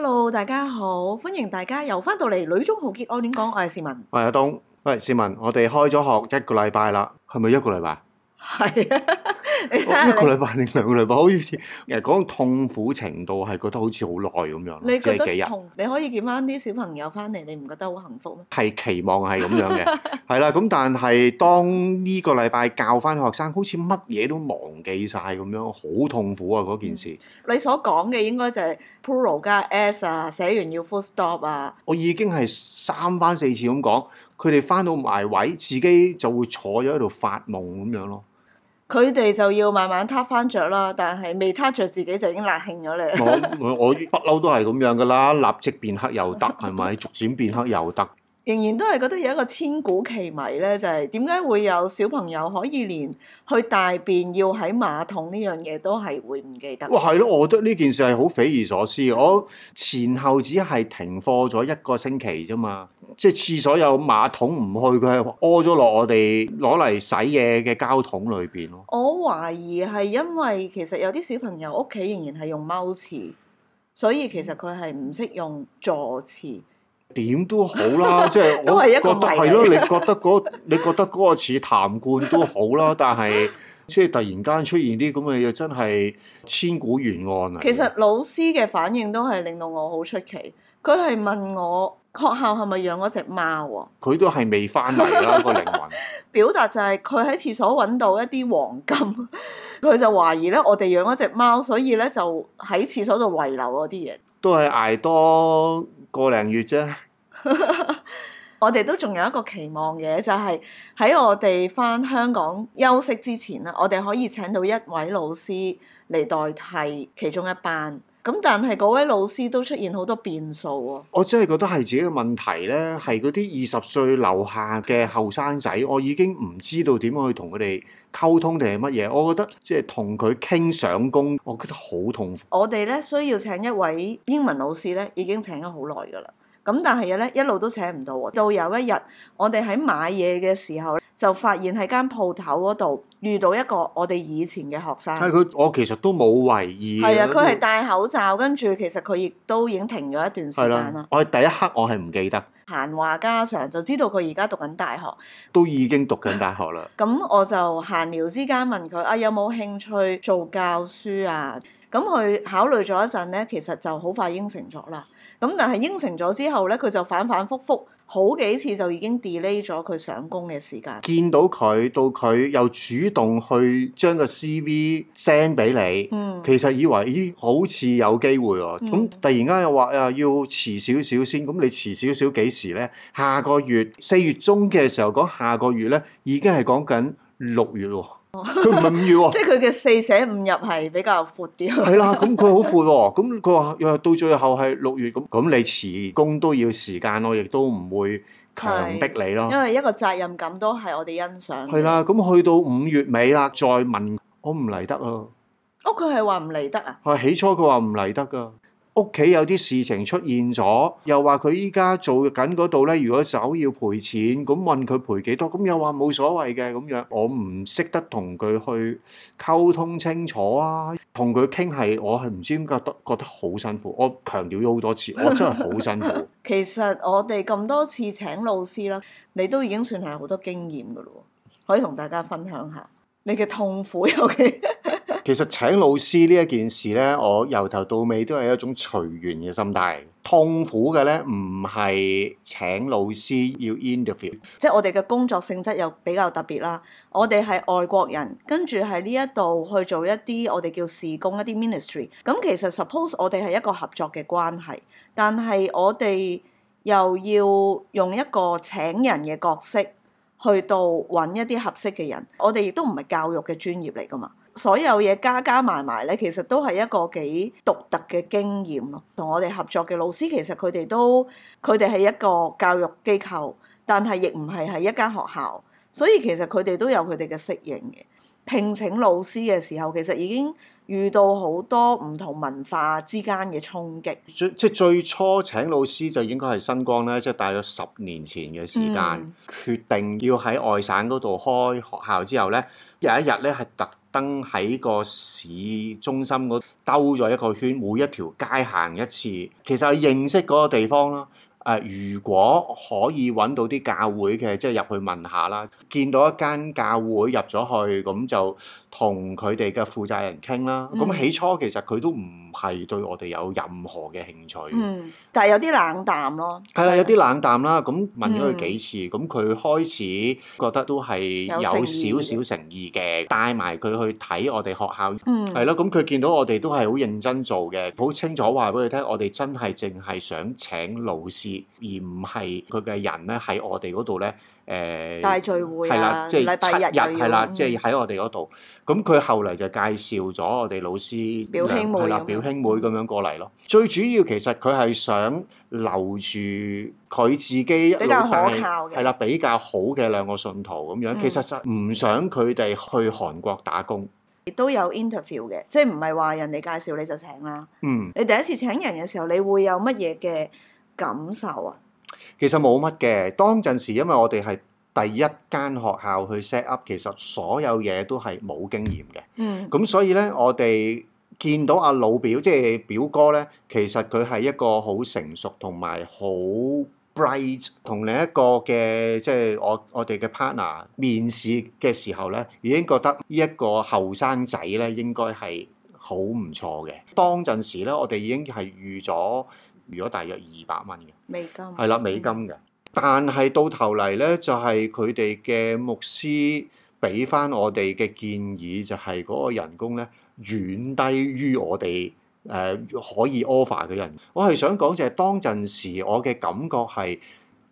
Hello，大家好，歡迎大家又翻到嚟《女中豪傑愛戀講》港，我係市民，我係阿東，喂，市民。我哋開咗學一個禮拜啦，係咪一個禮拜？係是、啊。 你你一個禮拜定兩個禮拜，好似其實講痛苦程度係覺得好似好耐咁樣，呢係幾日。你可以見翻啲小朋友翻嚟，你唔覺得好幸福咩？係期望係咁樣嘅，係啦。 咁但係當呢個禮拜教翻學生，好似乜嘢都忘記晒咁樣，好痛苦啊！嗰件事。嗯、你所講嘅應該就係 plural 加 S 啊，寫完要 full stop 啊。我已經係三番四次咁講，佢哋翻到埋位，自己就會坐咗喺度發夢咁樣咯。佢哋就要慢慢塌翻著啦，但係未塌着自己就已經辣興咗咧。 我我我不嬲都係咁樣㗎啦，立即變黑又得，係咪？逐漸變黑又得。仍然都係覺得有一個千古奇謎咧，就係點解會有小朋友可以連去大便要喺馬桶呢樣嘢都係會唔記得？哇、哦，係咯，我覺得呢件事係好匪夷所思。我前後只係停課咗一個星期啫嘛，即係廁所有馬桶唔去，佢係屙咗落我哋攞嚟洗嘢嘅膠桶裏邊咯。我懷疑係因為其實有啲小朋友屋企仍然係用踎廁，所以其實佢係唔識用坐廁。點都好啦， 即係我覺得係咯， 你覺得、嗰個、你覺得嗰個似談冠都好啦，但係即係突然間出現啲咁嘅嘢，真係千古懸案啊！其實老師嘅反應都係令到我好出奇，佢係問我學校係咪養咗隻貓啊？佢都係未翻嚟啦，個靈魂。表達就係佢喺廁所搵到一啲黃金，佢就懷疑咧我哋養咗隻貓，所以咧就喺廁所度遺留嗰啲嘢。都係挨多個零月啫， 我哋都仲有一個期望嘅，就係喺我哋返香港休息之前啦，我哋可以請到一位老師嚟代替其中一班。咁但係嗰位老師都出現好多變數喎、哦，我真係覺得係自己嘅問題咧，係嗰啲二十歲樓下嘅後生仔，我已經唔知道點樣去同佢哋溝通定係乜嘢。我覺得即係同佢傾上工，我覺得好痛苦。我哋咧需要請一位英文老師咧，已經請咗好耐㗎啦。咁但係咧一路都請唔到，到有一日我哋喺買嘢嘅時候就發現係間鋪頭嗰度，遇到一個我哋以前嘅學生，係佢，我其實都冇懷疑。係啊，佢係戴口罩，跟住其實佢亦都已經停咗一段時間啦。我係第一刻我係唔記得。閒話家常，就知道佢而家讀緊大學，都已經讀緊大學啦。咁、啊、我就閒聊之間問佢：啊，有冇興趣做教書啊？咁佢考慮咗一陣咧，其實就好快應承咗啦。咁但係應承咗之後咧，佢就反反复覆好幾次就已經 delay 咗佢上工嘅時間，見到佢到佢又主動去將個 CV send 俾你，嗯、其實以為咦好似有機會哦。咁、嗯、突然間又話誒要遲少少先，咁你遲少少幾時咧？下個月四月中嘅時候講下個月咧，已經係講緊六月喎，佢唔係五月喎。 即係佢嘅四捨五入係比較闊啲。係 啦，咁佢好闊喎。咁佢話誒到最後係六月咁，咁你辭工都要時間，我亦都唔會。強逼你囉，因為一個責任感都係我哋欣賞。係啦，咁去到五月尾啦，再問我唔嚟得，哦、得啊？哦，佢係話唔嚟得啊？係起初佢話唔嚟得噶。屋企有啲事情出現咗，又話佢依家做緊嗰度呢，如果走要賠錢，咁問佢賠幾多，咁又話冇所謂嘅咁樣，我唔識得同佢去溝通清楚啊，同佢傾係我係唔知點解得覺得好辛苦，我強調咗好多次，我真係好辛苦。 其實我哋咁多次請老師啦，你都已經算係好多經驗嘅咯，可以同大家分享下。你嘅痛苦尤其，okay? 其實請老師呢一件事咧，我由頭到尾都係一種隨緣嘅心態，痛苦嘅咧，唔係請老師要 interview，即係我哋嘅工作性質又比較特別啦。我哋係外國人，跟住喺呢一度去做一啲我哋叫事工一啲 ministry。咁其實 suppose 我哋係一個合作嘅關係，但係我哋又要用一個請人嘅角色。去到揾一啲合適嘅人，我哋亦都唔係教育嘅專業嚟㗎嘛，所有嘢加加埋埋咧，其實都係一個幾獨特嘅經驗咯。同我哋合作嘅老師，其實佢哋都佢哋係一個教育機構，但係亦唔係係一間學校，所以其實佢哋都有佢哋嘅適應嘅。聘請老師嘅時候，其實已經遇到好多唔同文化之間嘅衝擊。最即係最初請老師就應該係新光咧，即係大約十年前嘅時間，嗯、決定要喺外省嗰度開學校之後咧，有一日咧係特登喺個市中心嗰兜咗一個圈，每一條街行一次，其實係認識嗰個地方咯。誒、呃，如果可以揾到啲教會嘅，即係入去問下啦，見到一間教會入咗去，噉就，同佢哋嘅負責人傾啦，咁、嗯、起初其實佢都唔係對我哋有任何嘅興趣，嗯、但係有啲冷淡咯。係啊，有啲冷淡啦。咁問咗佢幾次，咁佢、嗯、開始覺得都係有少少誠意嘅，帶埋佢去睇我哋學校。嗯，係咯。咁佢見到我哋都係好認真做嘅，好清楚話俾佢聽，我哋真係淨係想請老師，而唔係佢嘅人咧喺我哋嗰度咧。誒，哎、大聚會啊，即係、就是、禮拜日，係啦、嗯，即係喺我哋嗰度。咁佢後嚟就介紹咗我哋老師，係啦，表兄妹咁的樣過嚟咯。嗯、最主要其實佢係想留住佢自己一個可靠嘅，係啦比較好嘅兩個信徒咁樣。嗯、其實就唔想佢哋去韓國打工，亦都有 interview 嘅，即係唔係話人哋介紹你就請啦。嗯， 你第一次請人嘅時候，你會有乜嘢嘅感受啊？其實冇乜嘅，當陣時因為我哋係第一間學校去 set up，其實所有嘢都係冇經驗嘅。嗯。咁 所以呢，我哋見到阿老表，即係表哥呢，其實佢係一個好成熟同埋好 bright，同另一個嘅即係我我哋嘅 partner 面試嘅時候呢，已經覺得呢一個後生仔呢應該係好唔錯嘅。當陣時呢，我哋已經係預咗。如果大約二百蚊嘅美金，係啦，美金嘅，但係到頭嚟咧，就係佢哋嘅牧師畀返我哋嘅建議，就係、是、嗰個人工咧遠低於我哋誒、呃、可以 offer 嘅人。我係想講就係當陣時，我嘅感覺係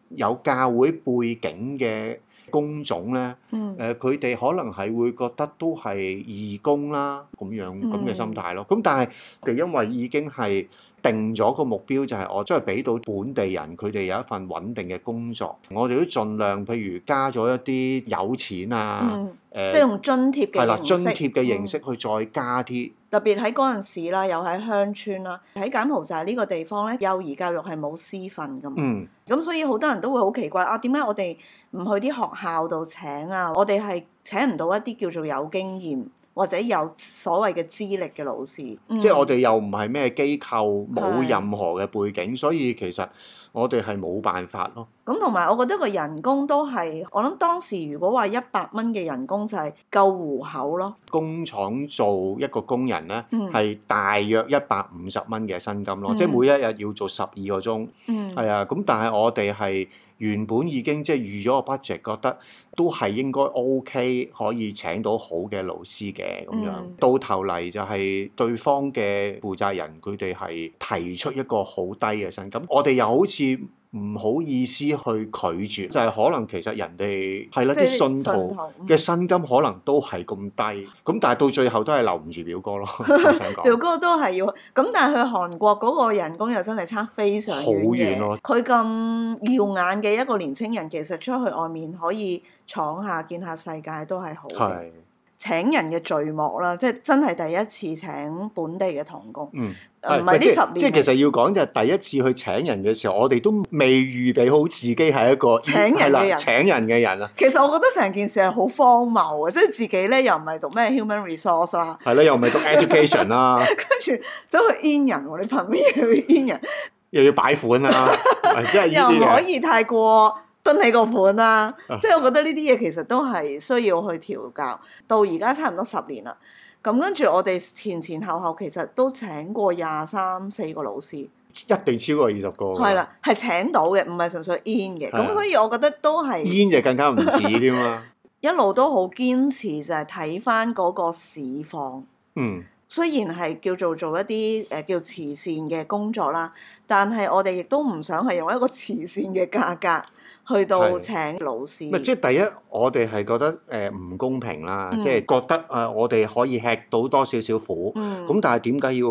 有教會背景嘅。工種呢，誒佢哋可能係會覺得都係義工啦，咁樣咁嘅心態咯。咁、嗯、但係佢因為已經係定咗個目標，就係、是、我即係俾到本地人佢哋有一份穩定嘅工作，我哋都盡量，譬如加咗一啲有錢啊。嗯。即係用津貼嘅形式，啦、嗯，津貼嘅形式去再加啲、嗯。特別喺嗰陣時啦，又喺鄉村啦，喺柬埔寨呢個地方咧，幼兒教育係冇師訓㗎嘛。嗯。咁所以好多人都會好奇怪啊，點解我哋唔去啲學校度請啊？我哋係請唔到一啲叫做有經驗。或者有所謂嘅資歷嘅老師，嗯、即係我哋又唔係咩機構，冇任何嘅背景，的所以其實我哋係冇辦法咯。咁同埋，我覺得個人工都係我諗當時如果話一百蚊嘅人工就係夠糊口咯。工廠做一個工人呢，係、嗯、大約一百五十蚊嘅薪金咯，嗯、即係每一日要做十二個鐘，係啊、嗯。咁但係我哋係。原本已經即係預咗個 budget，覺得都係應該 OK，可以請到好嘅老師嘅咁樣。嗯、到頭嚟就係對方嘅負責人，佢哋係提出一個好低嘅薪金，我哋又好似，唔好意思去拒絕，就係、是、可能其實人哋係啦即是信徒嘅薪金可能都係咁低，咁、嗯、但係到最後都係留唔住表哥咯。想講 表哥都係要，咁 但係去韓國嗰個人工又真係差非常好遠咯！佢咁耀眼嘅一個年青人，其實出去外面可以闖下、見下世界都係好嘅。的請人嘅序幕啦，即係真係第一次請本地嘅同工。嗯。唔係呢十年、哎，即係其實要講就係第一次去請人嘅時候，嗯、我哋都未預備好自己係一個請人嘅人、嗯，請人嘅人啊。其實我覺得成件事係好荒謬啊，即係自己咧又唔係讀咩 human resource 啦，係咧、嗯、又唔係讀 education 啦， 跟住走去 in 人喎，你憑咩去 in 人？又要擺款啊， 又唔可以太過蹲喺個盤啊，嗯、即係、嗯、我覺得呢啲嘢其實都係需要去調教。到而家差唔多十年啦。咁跟住我哋前前後後其實都請過廿三四個老師，一定超過二十個。係啦，係請到嘅，唔係純粹 in 嘅。咁的所以我覺得都係 in 就更加唔止添啦。 一路都好堅持就係睇翻嗰個市況。嗯，雖然係叫做做一啲誒叫慈善嘅工作啦，但係我哋亦都唔想係用一個慈善嘅價格。去到請老師，即係，就是，第一，我哋係覺得誒唔、呃、公平啦，嗯、即係覺得啊、呃，我哋可以吃到多少少苦，咁、嗯、但係點解要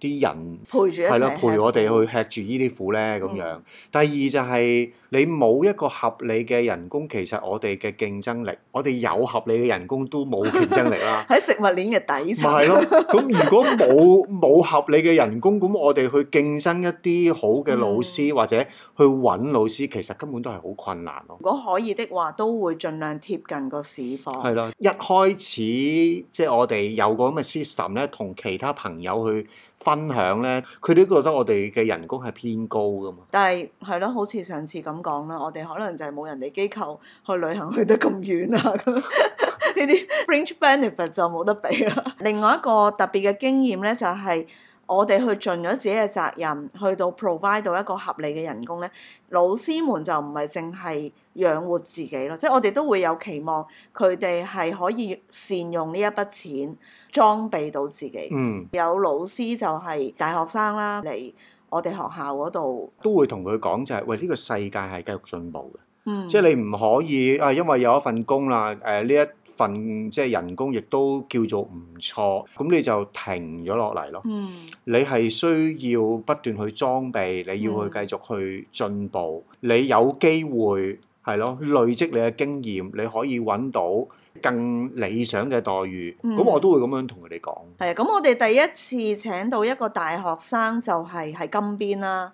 啲人陪住，係咯，陪我哋去吃住呢啲苦呢？咁樣，嗯、第二就係、是、你冇一個合理嘅人工，其實我哋嘅競爭力，我哋有合理嘅人工都冇競爭力啦。喺 食物鏈嘅底層。咪係咯，咁如果冇冇合理嘅人工，咁我哋去競爭一啲好嘅老師、嗯、或者去揾老師，其實根本都係好。困難咯，如果可以的話，都會盡量貼近個市況。係啦，一開始即係、就是、我哋有個咁嘅 system 咧，同其他朋友去分享咧，佢哋都覺得我哋嘅人工係偏高噶嘛。但係係咯，好似上次咁講啦，我哋可能就係冇人哋機構去旅行去得咁遠啊，咁呢啲 fringe benefit 就冇得比啦。 另外一個特別嘅經驗咧，就係、是。我哋去盡咗自己嘅責任，去到 provide 到一個合理嘅人工咧，老師們就唔係淨係養活自己咯，即係我哋都會有期望佢哋係可以善用呢一筆錢裝備到自己。嗯，有老師就係大學生啦，嚟我哋學校嗰度，都會同佢講，就係喂，呢個世界係繼續進步嘅。嗯、即係你唔可以啊，因為有一份工啦，誒、啊、呢一份即係、就是、人工亦都叫做唔錯，咁你就停咗落嚟咯。嗯、你係需要不斷去裝備，你要去繼續去進步，嗯、你有機會係咯，累積你嘅經驗，你可以揾到更理想嘅待遇。咁、嗯、我都會咁樣同佢哋講。係啊，咁我哋第一次請到一個大學生就係喺金邊啦。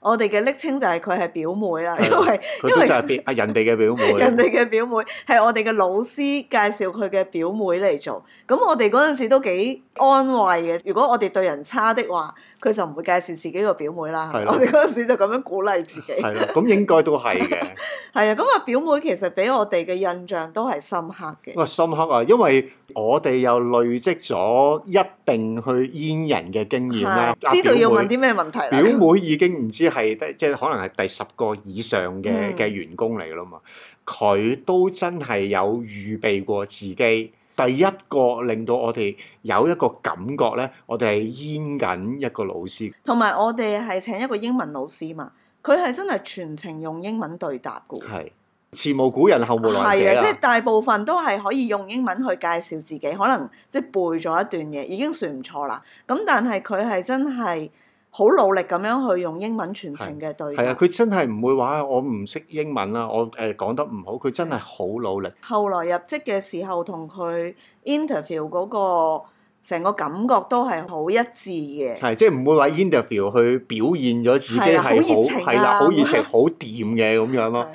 我哋嘅昵稱就係佢係表妹啦，的因為佢都就係表啊人哋嘅表妹， 人哋嘅表妹係我哋嘅老師介紹佢嘅表妹嚟做，咁我哋嗰陣時都幾安慰嘅。如果我哋對人差的話，佢就唔會介紹自己個表妹啦。的我哋嗰陣時就咁樣鼓勵自己。係咯，咁應該都係嘅。係啊， 咁啊，表妹其實俾我哋嘅印象都係深刻嘅。哇、哦，深刻啊，因為我哋又累積咗一定去煙人嘅經驗啦、啊。的啊、知道要問啲咩問題？表妹已經唔知係 即係可能係第十個以上嘅嘅，嗯、員工嚟啦嘛。佢都真係有預備過自己。第一個令到我哋有一個感覺咧，我哋係淹緊一個老師，同埋我哋係請一個英文老師嘛，佢係真係全程用英文對答嘅，係前無古人後無來者啊！即係、就是、大部分都係可以用英文去介紹自己，可能即係背咗一段嘢，已經算唔錯啦。咁但係佢係真係，好努力咁樣去用英文全程嘅對話。係啊，佢真係唔會話我唔識英文啦，我誒、呃、講得唔好。佢真係好努力。後來入職嘅時候同佢 interview 嗰、那個成個感覺都係好一致嘅。係，即係唔會話 interview 去表現咗自己係好係啦，好熱情好掂嘅咁樣咯。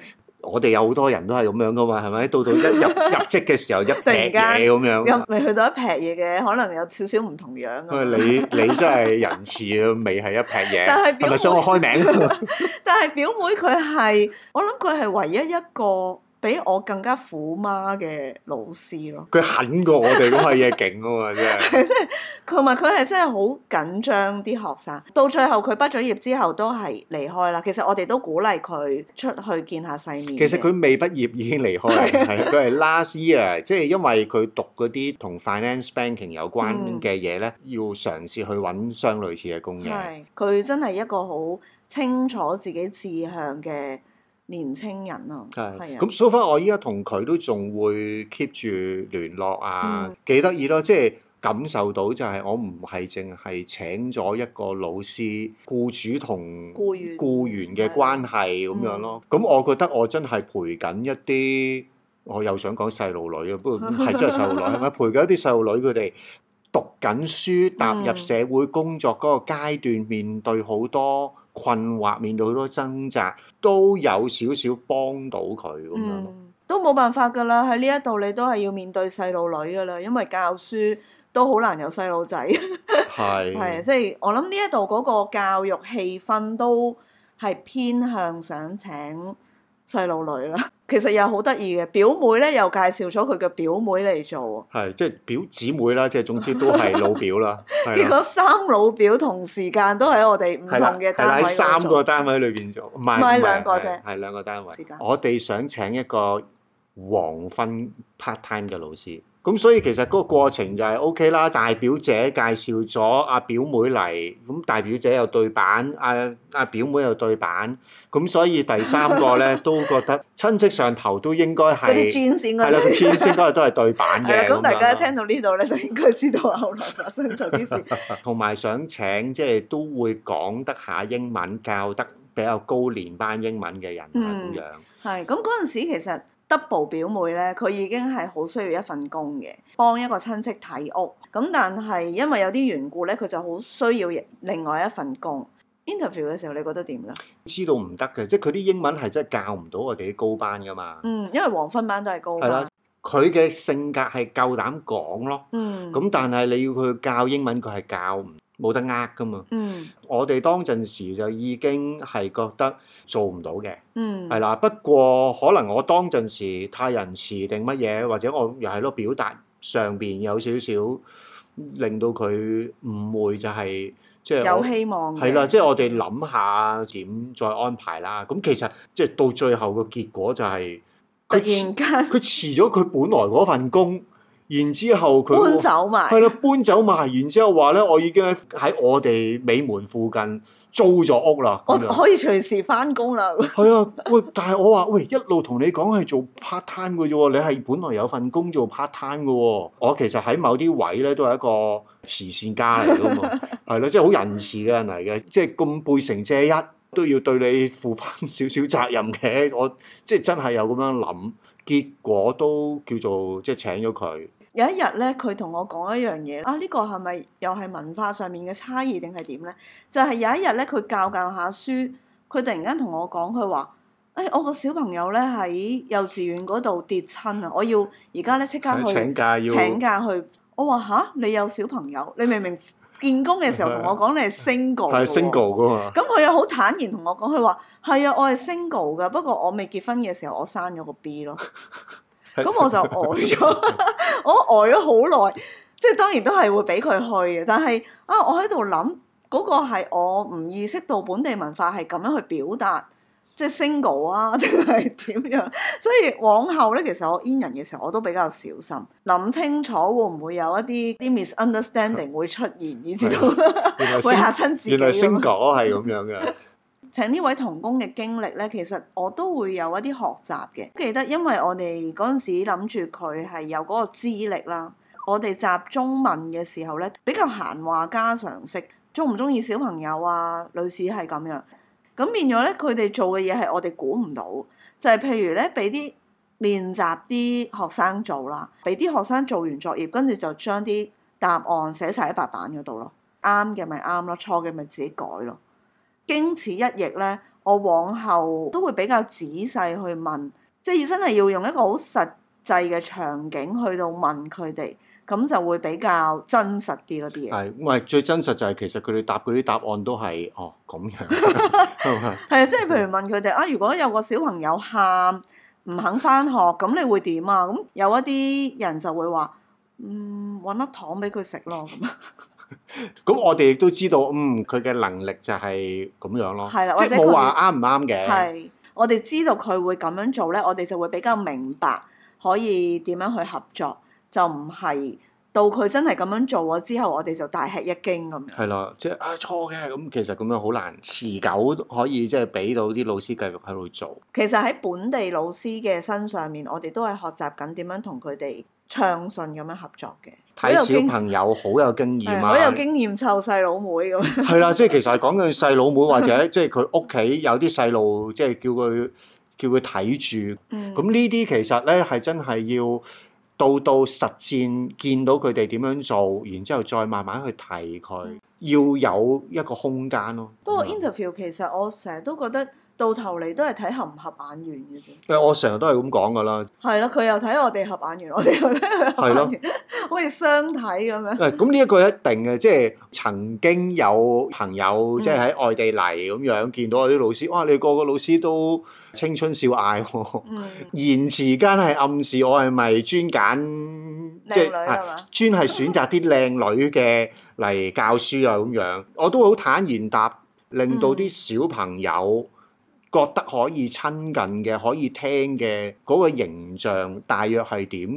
我哋有好多人都係咁樣噶嘛，係咪？到到一入入職嘅時候，一劈嘢咁樣入。未去到一劈嘢嘅，可能有少少唔同樣。因 為 你你真係仁慈，未係一劈嘢，係咪想我開名？ 但係表妹佢係，我諗佢係唯一一個。比我更加虎媽嘅老師咯，佢狠過我哋嗰批嘅勁啊嘛，真係，即係同埋佢係真係好緊張啲學生。到最後佢畢咗業之後都係離開啦。其實我哋都鼓勵佢出去見下世面。其實佢未畢業已經離開，佢係 last year，即係因為佢讀嗰啲同 finance banking 有關嘅嘢咧，嗯、要嘗試去揾相類似嘅工嘅。佢真係一個好清楚自己志向嘅。年青人咯，係啊的，咁所以翻我依家同佢都仲會 keep 住聯絡啊，幾得意咯，即係、就是、感受到就係我唔係淨係請咗一個老師，僱主同僱僱員嘅關係咁員的樣咯。咁、嗯嗯、我覺得我真係陪緊一啲，我又想講細路女，啊，不過係真係細路女，係咪 陪緊一啲細路女佢哋讀緊書，踏入社會工作嗰個階段，面對好多，困惑，面對好多掙扎，都有少少幫到佢咁、嗯、樣。都冇辦法㗎啦，喺呢一度你都係要面對細路女㗎啦，因為教書都好難有細路仔。係 係是，即係、就是、我諗呢一度嗰個教育氣氛都係偏向想請細路女啦。其實又好得意嘅，表妹咧又介紹咗佢嘅表妹嚟做。係即係表姊妹啦，即係總之都係老表啦。結果三老表同時間都喺我哋唔同嘅單位。喺三個單位裏邊做，唔係唔係，兩個啫。係兩,兩個單位。我哋想請一個黃昏 part time 嘅老師。咁所以其實嗰個過程就係 O K 啦，大表姐介紹咗阿表妹嚟，咁大表姐又對版，阿、啊、阿、啊、表妹又對版。咁所以第三個咧 都覺得親戚上頭都應該係嗰係啦，專線嗰個都係對版嘅。咁大家聽到呢度咧就應該知道後來發生咗啲事。同埋 想請即係都會講得下英文，教得比較高年班英文嘅人咁、嗯、樣。係，咁嗰陣時其實。Double 表妹咧，佢已經係好需要一份工嘅，幫一個親戚睇屋。咁但係因為有啲緣故咧，佢就好需要另外一份工。Interview 嘅時候，你覺得點咧？知道唔得嘅，即係佢啲英文係真係教唔到我哋啲高班噶嘛。嗯，因為黃昏班都係高班，佢嘅性格係夠膽講咯。嗯。咁但係你要佢教英文，佢係教唔。冇得呃㗎嘛，我哋當陣時就已經係覺得做唔到嘅，係啦。不過可能我當陣時太仁慈定乜嘢，或者我又係咯，表達上邊有少少令到佢誤會，就係即係有希望係啦。即係我哋諗下點再安排啦。咁其實即係到最後嘅結果就係突然間佢辭咗佢本來嗰份工。然之後佢搬走埋，係啦，搬走埋。然之後話咧，我已經喺我哋美門附近租咗屋啦。我樣可以隨時翻工啦。係啊，喂！但係我話喂，一路同你講係做 part time 嘅啫喎，你係本來有份工做 part time 嘅喎、哦。我其實喺某啲位咧都係一個慈善家嚟嘅嘛，係啦， 即係好仁慈嘅人嚟嘅。即係咁背城借一，都要對你負翻少少責任嘅。我即係真係有咁樣諗，結果都叫做即係請咗佢。有一日咧，佢同我講一樣嘢，啊呢、呢個係咪又係文化上面嘅差異定係點咧？就係、是、有一日咧，佢教教下書，佢突然間同我講，佢話：哎，我個小朋友咧喺幼稚園嗰度跌親啊！我要而家咧即刻去請假要請假去。我話吓，你有小朋友，你明明見工嘅時候同我講你係 single，係、哦、single 噶嘛？咁佢又好坦然同我講，佢話：係啊，我係 single 噶，不過我未結婚嘅時候，我生咗個 B 咯。 咁我就呆、呃、咗， 我呆咗好耐，即係當然都係會俾佢去嘅，但係啊，我喺度諗嗰個係我唔意識到本地文化係咁樣去表達，即係 single 啊，定係點樣？所以往後咧，其實我 in 人嘅時候，我都比較小心，諗清楚會唔會有一啲啲 misunderstanding 會出現，的以至到 會吓親自己。原來 single 係咁 樣嘅。請呢位同工嘅經歷呢，其實我都會有一啲學習嘅。記得因為我哋嗰陣時諗住佢係有嗰個資歷啦，我哋習中文嘅時候呢，比較閒話家常式，鍾唔鍾意小朋友啊，類似係咁樣。咁變咗呢，佢哋做嘅嘢係我哋估唔到，就係譬如呢，俾啲練習啲學生做啦，俾啲學生做完作業，跟住就將啲答案寫晒喺白板嗰度咯，啱嘅咪啱咯，錯嘅咪自己改咯。經此一役咧，我往後都會比較仔細去問，即係真係要用一個好實際嘅場景去到問佢哋，咁就會比較真實啲咯啲嘢。係，喂最真實就係、是、其實佢哋答嗰啲答案都係哦咁樣，係啊，即係譬如問佢哋啊，如果有個小朋友喊唔肯翻學，咁你會點啊？咁有一啲人就會話，嗯，搵粒糖俾佢食咯咁樣。 咁 我哋亦都知道，嗯，佢嘅能力就係咁樣咯，係啦的，即係冇話啱唔啱嘅。係我哋知道佢會咁樣做咧，我哋就會比較明白可以點樣去合作，就唔係到佢真係咁樣做咗之後，我哋就大吃一驚咁樣。係啦，即係啊錯嘅，咁其實咁樣好難持久，可以即係俾到啲老師繼續喺度做。其實喺本地老師嘅身上面，我哋都係學習緊點樣同佢哋。暢順咁樣合作嘅，睇小朋友好有經驗啊！好有經驗湊細佬妹咁，係 啦，即係其實係講緊細佬妹，妹 或者即係佢屋企有啲細路，即係叫佢叫佢睇住。嗯，咁呢啲其實咧係真係要到到實戰，見到佢哋點樣做，然之後再慢慢去提佢，嗯、要有一個空間咯。不過 interview、嗯、其實我成日都覺得。到頭嚟都係睇合唔合眼緣嘅啫。誒，我成日都係咁講㗎啦。係咯，佢又睇我哋合眼緣，我哋又睇佢合眼緣，好似相睇咁樣。誒，咁呢一個一定嘅，即係曾經有朋友即係喺外地嚟咁樣見到我啲老師，哇！你個個老師都青春少艾，言辭間係暗示我係咪專揀即係專係選擇啲靚女嘅嚟教書啊？咁樣我都好坦然答，令到啲小朋友。覺得可以親近嘅、可以聽嘅嗰個形象，大約係點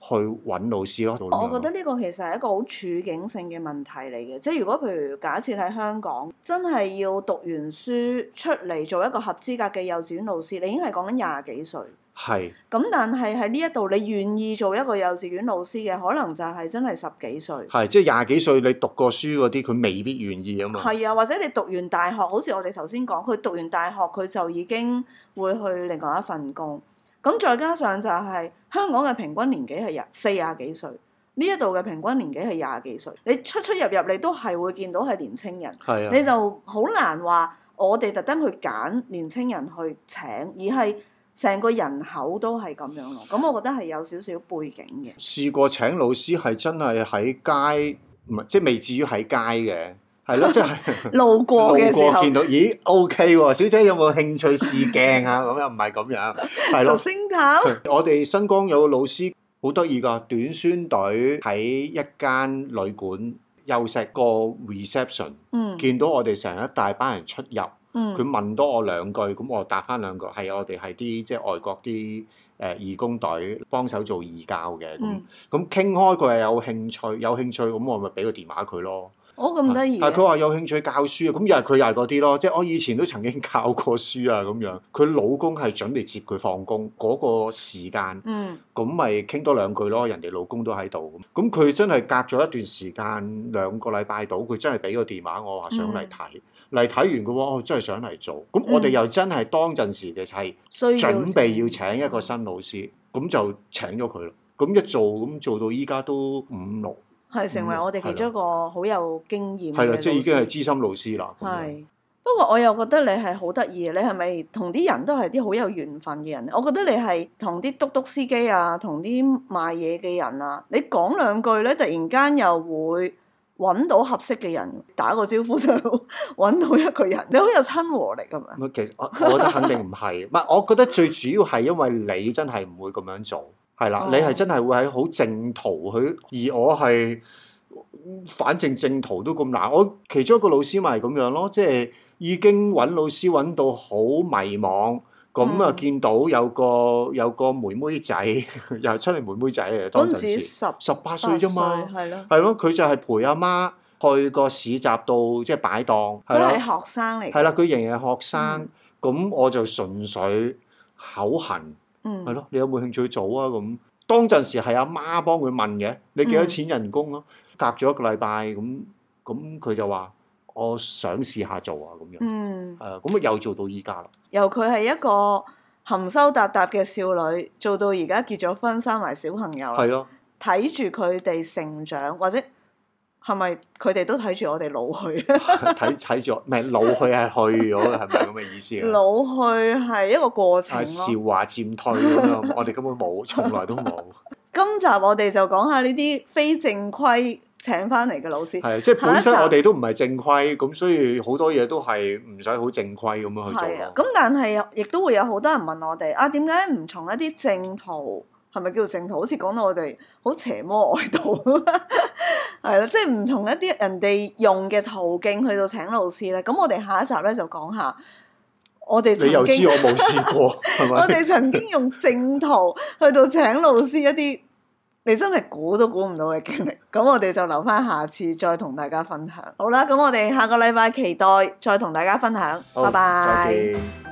去揾老師囉。我覺得呢個其實係一個好處境性嘅問題嚟嘅，即係如果譬如假設喺香港，真係要讀完書出嚟做一個合資格嘅幼稚園老師，你已經係講緊廿幾歲。係，咁是但係喺呢一度，你願意做一個幼稚園老師嘅，可能就係真係十幾歲。係，即係廿幾歲你讀過書嗰啲，佢未必願意啊嘛。係啊，或者你讀完大學，好似我哋頭先講，佢讀完大學佢就已經會去另外一份工。咁再加上就係香港嘅平均年紀係四十幾歲，呢一度嘅平均年紀係廿幾歲，你出出入入你都係會見到係年青人。係啊，你就好難話我哋特登去揀年青人去請，而係。成個人口都係咁樣咯，咁我覺得係有少少背景嘅。試過請老師係真係喺街，唔係即係未至於喺街嘅，係咯，即係路過嘅時候見到，咦，O K 喎，小姐有冇興趣試鏡啊？咁又唔係咁樣，係咯。星探，我哋新光有個老師好得意㗎，短宣隊喺一間旅館休息，個 reception，見到我哋成一大班人出入。佢、嗯、問多我兩句，咁我答翻兩句。係我哋係啲即係外國啲誒義工隊幫手做義教嘅咁。咁傾、嗯、開佢係有興趣，有興趣咁我咪俾個電話佢咯。哦咁得意！佢話有、啊、有興趣教書，咁又係佢又係嗰啲咯。即係我以前都曾經教過書啊咁樣。佢老公係準備接佢放工嗰個時間，咁咪傾多兩句咯。人哋老公都喺度。咁佢真係隔咗一段時間兩個禮拜到。佢真係俾個電話我話上嚟睇。嗯嚟睇完嘅話，我真係想嚟做。咁我哋又真係當陣時嘅係、嗯、準備要請一個新老師，咁、嗯、就請咗佢啦。咁一做咁做到依家都五六，係成為我哋其中一個好的有經驗嘅老師。係啦，即係已經係資深老師啦。係，不過我又覺得你係好得意，你係咪同啲人都係啲好有緣分嘅人？我覺得你係同啲嘟嘟司機啊，同啲賣嘢嘅人啊，你講兩句咧，突然間又會。揾到合適嘅人，打個招呼就揾到一個人，你好有親和力㗎嘛？其實、okay，我我覺得肯定唔係，唔係 我覺得最主要係因為你真係唔會咁樣做，係啦，你係真係會喺好正途去，而我係反正正途都咁難，我其中一個老師咪係咁樣咯，即係已經揾老師揾到好迷茫。咁啊，見到有個有個妹妹仔，又係出嚟妹妹仔嘅。當陣時十十八歲啫嘛，係咯，係咯，佢就係陪阿媽去個市集度，即係擺檔。都係學生嚟。係啦，佢仍然係學生。咁我就純粹口痕。係咯。你有冇興趣做啊？咁當陣時係阿媽幫佢問嘅，你幾多錢人工咯？隔咗一個禮拜，咁咁佢就話我想試下做啊咁樣。嗯。誒，咁啊，又做到依家啦。由佢係一個含羞答答嘅少女，做到而家結咗婚，生埋小朋友啦。係咯，睇住佢哋成長，或者係咪佢哋都睇住我哋老去，睇睇住我，唔係老去係去咗嘅，係咪咁嘅意思？老去係一個過程，係韶華漸退咁樣，我哋根本冇，從來都冇。今集我哋就講下呢啲非正規。請翻嚟嘅老師係，即係本身我哋都唔係正規，咁所以好多嘢都係唔使好正規咁樣去做。咁但係亦都會有好多人問我哋啊，點解唔從一啲正途？係咪叫做正途？好似講到我哋好邪魔外道，係啦， 即係唔從一啲人哋用嘅途徑去到請老師咧。咁我哋下一集咧就講下我哋。你又知我冇試過？係咪？我哋曾經用正途去到請老師一啲。你真係估都估唔到嘅經歷，咁我哋就留返下，下次再同大家分享。好啦，咁我哋下個禮拜期，期待再同大家分享。拜拜好。Bye bye。